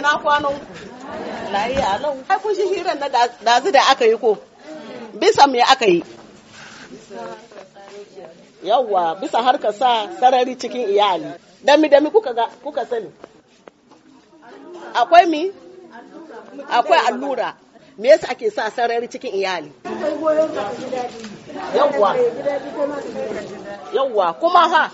Ina kwanan ku? Lahiya kun shi hirar na dazu da aka yi ko? Bisa me aka yi? Yawwa, bisa harkar sa sarari cikin iyali. Dami dami kuka ga kuka sani. Akwai mi? Akwai allura. Me yasa ake sa sarari cikin iyali? Yawwa. Yawwa, kuma ha?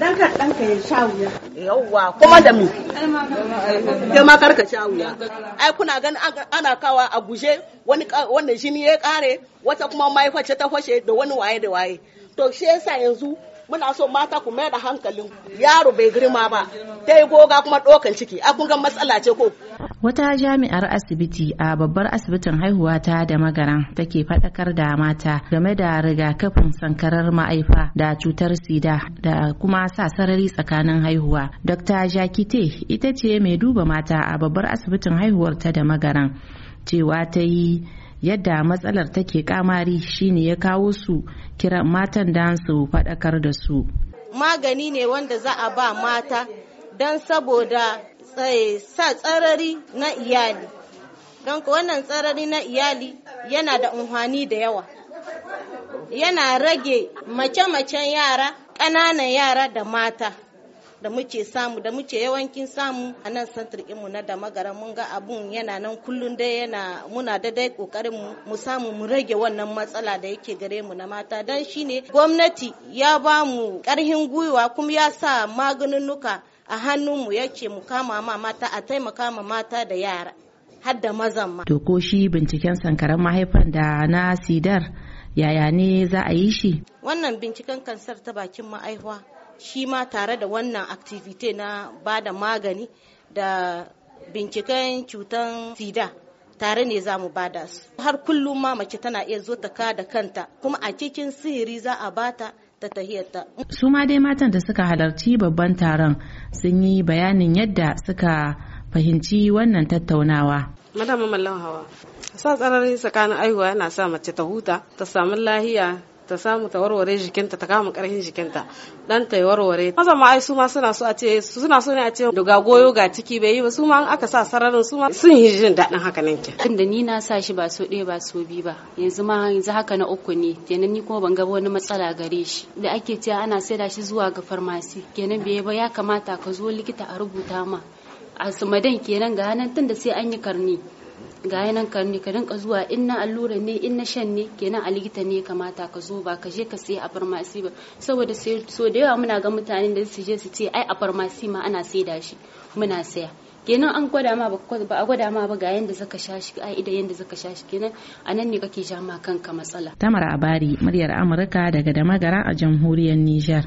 dan ka ya sha wuya. Yawwa, kuma da mi? kai ma karka sha wuya ai kuna gani ana kawa a guje wani wanda jini ya kare wata kuma mahaifa ta fashe da wani waye da waye to shi yasa yanzu muna so mata ku mai da hankalin yaro bai girma ba ta yi goga kuma ɗaukan ciki a kun ga matsala ce ko wata jami'ar asibiti a babbar asibitin haihuwa ta da magaran take faɗakar da mata game da rigakafin sankarar ma'aifa da cutar sida da kuma sa sarari tsakanin haihuwa dr jakite ita ce mai duba mata a babbar asibitin haihuwar ta da magaran cewa ta yi yadda matsalar take kamari shine ya kawo su kira matan da su faɗakar da su magani ne wanda za a ba mata don saboda eh, sa tsarari na iyali don wannan tsarari na iyali yana da unhwani da yawa yana rage mace-macen yara ƙananan yara da mata da muke samu da muke yawancin samu a nan santar imu na da magara mun ga abun yana nan kullum dai yana muna da dai kokarin mu samu mu rage wannan matsala da yake gare mu na mata dan shine gwamnati ya ba mu karhin gwiwa kuma ya sa maganunuka a hannunmu yake mu kama ma mata a taimaka ma mata da yara har da mazan ma. ko shi binciken sankaran mahaifan da na sidar yaya ne za a yi shi? Wannan binciken kansar ta bakin ma'aihuwa shi ma tare da wannan activity na ba da magani da binciken cutan sida tare ne za mu bada su har kullum ma mace tana iya zo ta ka da kanta kuma a cikin sihiri za a bata ta tahiyarta. su ma dai matan da suka halarci babban taron sun yi bayanin yadda suka fahimci wannan tattaunawa madama mallon hawa sa tsararri tsakanin aihuwa yana sa mace ta huta ta samu lahiya ta samu ta warware jikinta ta kama karfin jikinta dan ta warware maza ma ai su ma suna so a ce suna ne a ce daga goyo ga ciki bai yi ba su ma aka sa sararin su ma sun yi jin daɗin haka nan ke tunda ni na sa shi ba so ɗaya ba so biyu ba yanzu ma yanzu haka na uku ne kenan ni kuma ban ga wani matsala gare shi da ake cewa ana saida shi zuwa ga farmasi kenan bai ba ya kamata ka zo likita a rubuta ma a sumadan kenan ga hannun tunda sai an yi karni ga yanan ka ne ka rinka zuwa in na allura ne in na shan ne kenan a likita ne kamata ka zo ba ka je ka sai a farmasi ba saboda so da yawa muna ga mutanen da su je su ce ai a farmasi ma ana saida shi muna saya kenan an gwada ma ba a gwada ma ba ga yanda zaka sha shi ai idan yanda zaka sha shi kenan anan ne kake ja ma kanka matsala Tamara Abari muryar Amurka daga Damagara a jamhuriyar Nijar.